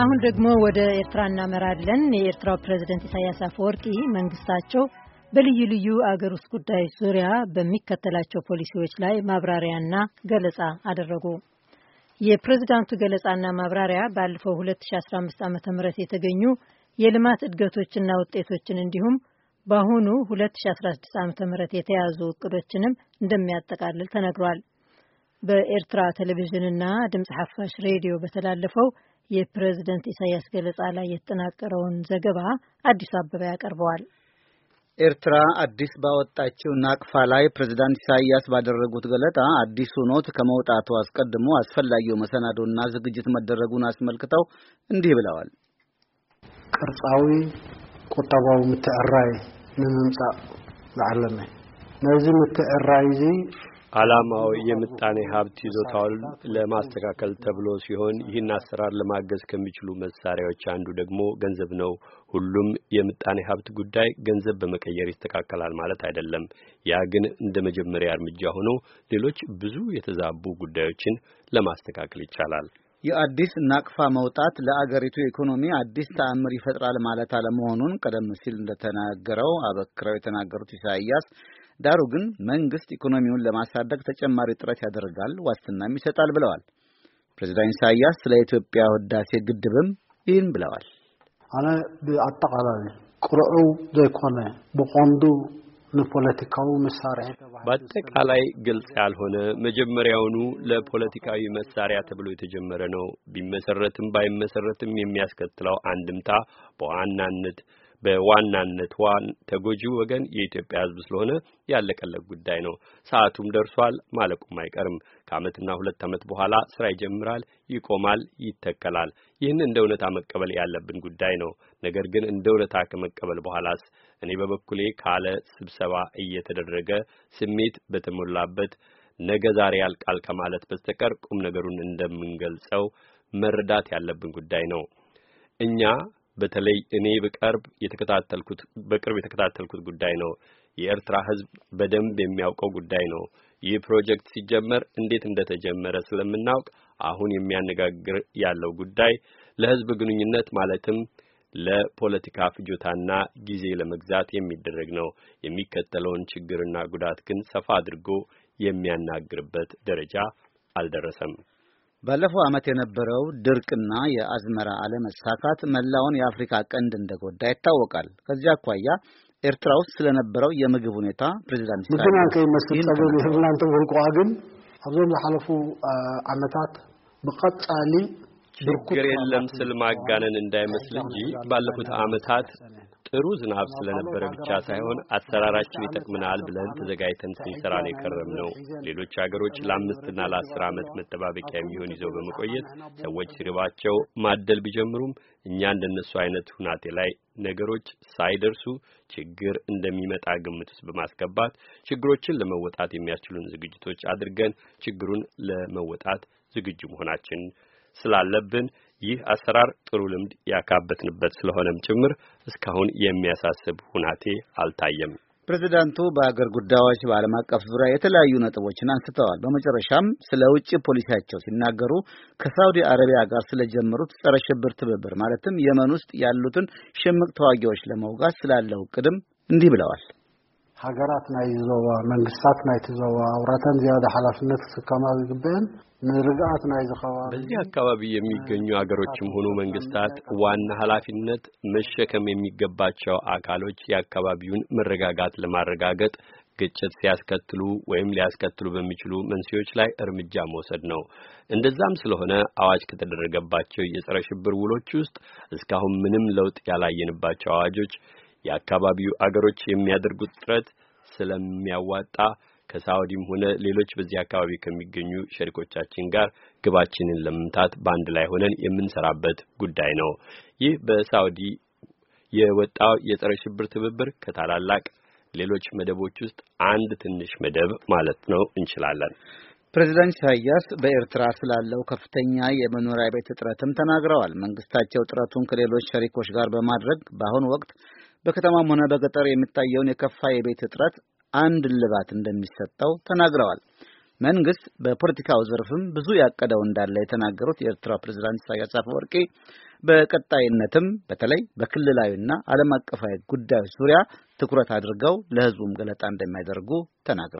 አሁን ደግሞ ወደ ኤርትራ እናመራለን። የኤርትራው ፕሬዝደንት ኢሳያስ አፈወርቂ መንግስታቸው በልዩ ልዩ አገር ውስጥ ጉዳዮች ዙሪያ በሚከተላቸው ፖሊሲዎች ላይ ማብራሪያና ገለጻ አደረጉ። የፕሬዝዳንቱ ገለጻና ማብራሪያ ባለፈው 2015 ዓ ም የተገኙ የልማት እድገቶችና ውጤቶችን እንዲሁም በአሁኑ 2016 ዓ ም የተያዙ እቅዶችንም እንደሚያጠቃልል ተነግሯል። በኤርትራ ቴሌቪዥንና ድምፅ ሐፋሽ ሬዲዮ በተላለፈው የፕሬዝደንት ኢሳያስ ገለጻ ላይ የተጠናቀረውን ዘገባ አዲሱ አበባ ያቀርበዋል። ኤርትራ አዲስ ባወጣችው ናቅፋ ላይ ፕሬዝዳንት ኢሳያስ ባደረጉት ገለጣ አዲሱ ኖት ከመውጣቱ አስቀድሞ አስፈላጊው መሰናዶና ዝግጅት መደረጉን አስመልክተው እንዲህ ብለዋል። ቅርጻዊ ቁጠባዊ ምትዕራይ ንምምጻእ ዝዓለመ ነዚ ምትዕራይ እዚ ዓላማው የምጣኔ ሀብት ይዞታውን ለማስተካከል ተብሎ ሲሆን ይህን አሰራር ለማገዝ ከሚችሉ መሳሪያዎች አንዱ ደግሞ ገንዘብ ነው። ሁሉም የምጣኔ ሀብት ጉዳይ ገንዘብ በመቀየር ይስተካከላል ማለት አይደለም። ያ ግን እንደ መጀመሪያ እርምጃ ሆኖ ሌሎች ብዙ የተዛቡ ጉዳዮችን ለማስተካከል ይቻላል። የአዲስ ናቅፋ መውጣት ለአገሪቱ ኢኮኖሚ አዲስ ተአምር ይፈጥራል ማለት አለመሆኑን ቀደም ሲል እንደተናገረው አበክረው የተናገሩት ኢሳያስ ዳሩ ግን መንግስት ኢኮኖሚውን ለማሳደግ ተጨማሪ ጥረት ያደርጋል፣ ዋስትናም ይሰጣል ብለዋል። ፕሬዚዳንት ኢሳያስ ስለ ኢትዮጵያ ህዳሴ ግድብም ይህን ብለዋል። አነ ብአጠቃላይ ቁርዑ ዘይኮነ ብቆንዱ ንፖለቲካዊ መሳሪያ በአጠቃላይ ግልጽ ያልሆነ መጀመሪያውኑ ለፖለቲካዊ መሳሪያ ተብሎ የተጀመረ ነው። ቢመሰረትም ባይመሰረትም የሚያስከትለው አንድምታ በዋናነት በዋናነት ተጎጂ ተጎጂው ወገን የኢትዮጵያ ሕዝብ ስለሆነ ያለቀለቅ ጉዳይ ነው። ሰዓቱም ደርሷል፣ ማለቁም አይቀርም። ከዓመትና ሁለት ዓመት በኋላ ስራ ይጀምራል፣ ይቆማል፣ ይተከላል። ይህን እንደ እውነታ መቀበል ያለብን ጉዳይ ነው። ነገር ግን እንደ እውነታ ከመቀበል በኋላስ እኔ በበኩሌ ካለ ስብሰባ እየተደረገ ስሜት በተሞላበት ነገ ዛሬ ያልቃል ከማለት በስተቀር ቁም ነገሩን እንደምንገልጸው መረዳት ያለብን ጉዳይ ነው። እኛ በተለይ እኔ በቅርብ የተከታተልኩት በቅርብ የተከታተልኩት ጉዳይ ነው። የኤርትራ ሕዝብ በደንብ የሚያውቀው ጉዳይ ነው። ይህ ፕሮጀክት ሲጀመር እንዴት እንደተጀመረ ስለምናውቅ አሁን የሚያነጋግር ያለው ጉዳይ ለሕዝብ ግንኙነት ማለትም ለፖለቲካ ፍጆታና ጊዜ ለመግዛት የሚደረግ ነው። የሚከተለውን ችግርና ጉዳት ግን ሰፋ አድርጎ የሚያናግርበት ደረጃ አልደረሰም። ባለፈው ዓመት የነበረው ድርቅና የአዝመራ አለመሳካት መላውን የአፍሪካ ቀንድ እንደጎዳ ይታወቃል። ከዚህ አኳያ ኤርትራ ውስጥ ስለነበረው የምግብ ሁኔታ ፕሬዚዳንት ምክና ከይመስል ፀገብ ህብናንተ ወልቆ ግን ኣብዞም ዝሓለፉ ዓመታት ብቀጻሊ ችግር የለም ስል ማጋነን እንዳይመስል እንጂ ባለፉት ዓመታት ጥሩ ዝናብ ስለነበረ ብቻ ሳይሆን አሰራራችን ይጠቅምናል ብለን ተዘጋጅተን ስንሰራ ነው የከረም ነው። ሌሎች ሀገሮች ለአምስትና ለአስር ዓመት መጠባበቂያ የሚሆን ይዘው በመቆየት ሰዎች ሲርባቸው ማደል ቢጀምሩም እኛ እንደነሱ አይነት ሁናቴ ላይ ነገሮች ሳይደርሱ ችግር እንደሚመጣ ግምት ውስጥ በማስገባት ችግሮችን ለመወጣት የሚያስችሉን ዝግጅቶች አድርገን ችግሩን ለመወጣት ዝግጁ መሆናችን ስላለብን ይህ አሰራር ጥሩ ልምድ ያካበትንበት ስለሆነም ጭምር እስካሁን የሚያሳስብ ሁናቴ አልታየም። ፕሬዚዳንቱ በአገር ጉዳዮች በዓለም አቀፍ ዙሪያ የተለያዩ ነጥቦችን አንስተዋል። በመጨረሻም ስለ ውጭ ፖሊሲያቸው ሲናገሩ ከሳውዲ አረቢያ ጋር ስለጀመሩት ጸረ ሽብር ትብብር ማለትም የመን ውስጥ ያሉትን ሽምቅ ተዋጊዎች ለመውጋት ስላለው እቅድም እንዲህ ብለዋል። ሃገራት ናይ ዞባ መንግስታት ናይቲ ዞባ አውራተን ዝያዳ ሓላፍነት ክስከማ ዝግበአን ንርግኣት ናይ ዝኸባቢ በዚህ አካባቢ የሚገኙ ሀገሮችም ሆኑ መንግስታት ዋና ኃላፊነት መሸከም የሚገባቸው አካሎች የአካባቢውን መረጋጋት ለማረጋገጥ ግጭት ሲያስከትሉ ወይም ሊያስከትሉ በሚችሉ መንስኤዎች ላይ እርምጃ መውሰድ ነው። እንደዛም ስለሆነ አዋጅ ከተደረገባቸው የጸረ ሽብር ውሎች ውስጥ እስካሁን ምንም ለውጥ ያላየንባቸው አዋጆች የአካባቢው አገሮች የሚያደርጉት ጥረት ስለሚያዋጣ ከሳውዲም ሆነ ሌሎች በዚህ አካባቢ ከሚገኙ ሸሪኮቻችን ጋር ግባችንን ለመምታት በአንድ ላይ ሆነን የምንሰራበት ጉዳይ ነው። ይህ በሳውዲ የወጣው የጸረ ሽብር ትብብር ከታላላቅ ሌሎች መደቦች ውስጥ አንድ ትንሽ መደብ ማለት ነው እንችላለን። ፕሬዚዳንት ኢሳያስ በኤርትራ ስላለው ከፍተኛ የመኖሪያ ቤት እጥረትም ተናግረዋል። መንግስታቸው ጥረቱን ከሌሎች ሸሪኮች ጋር በማድረግ በአሁኑ ወቅት በከተማም ሆነ በገጠር የሚታየውን የከፋ የቤት እጥረት አንድ ልባት እንደሚሰጠው ተናግረዋል። መንግስት በፖለቲካው ዘርፍም ብዙ ያቀደው እንዳለ የተናገሩት የኤርትራ ፕሬዝዳንት ኢሳያስ አፈወርቂ በቀጣይነትም በተለይ በክልላዊና ዓለም አቀፋዊ ጉዳዮች ዙሪያ ትኩረት አድርገው ለህዝቡም ገለጣ እንደሚያደርጉ ተናግረዋል።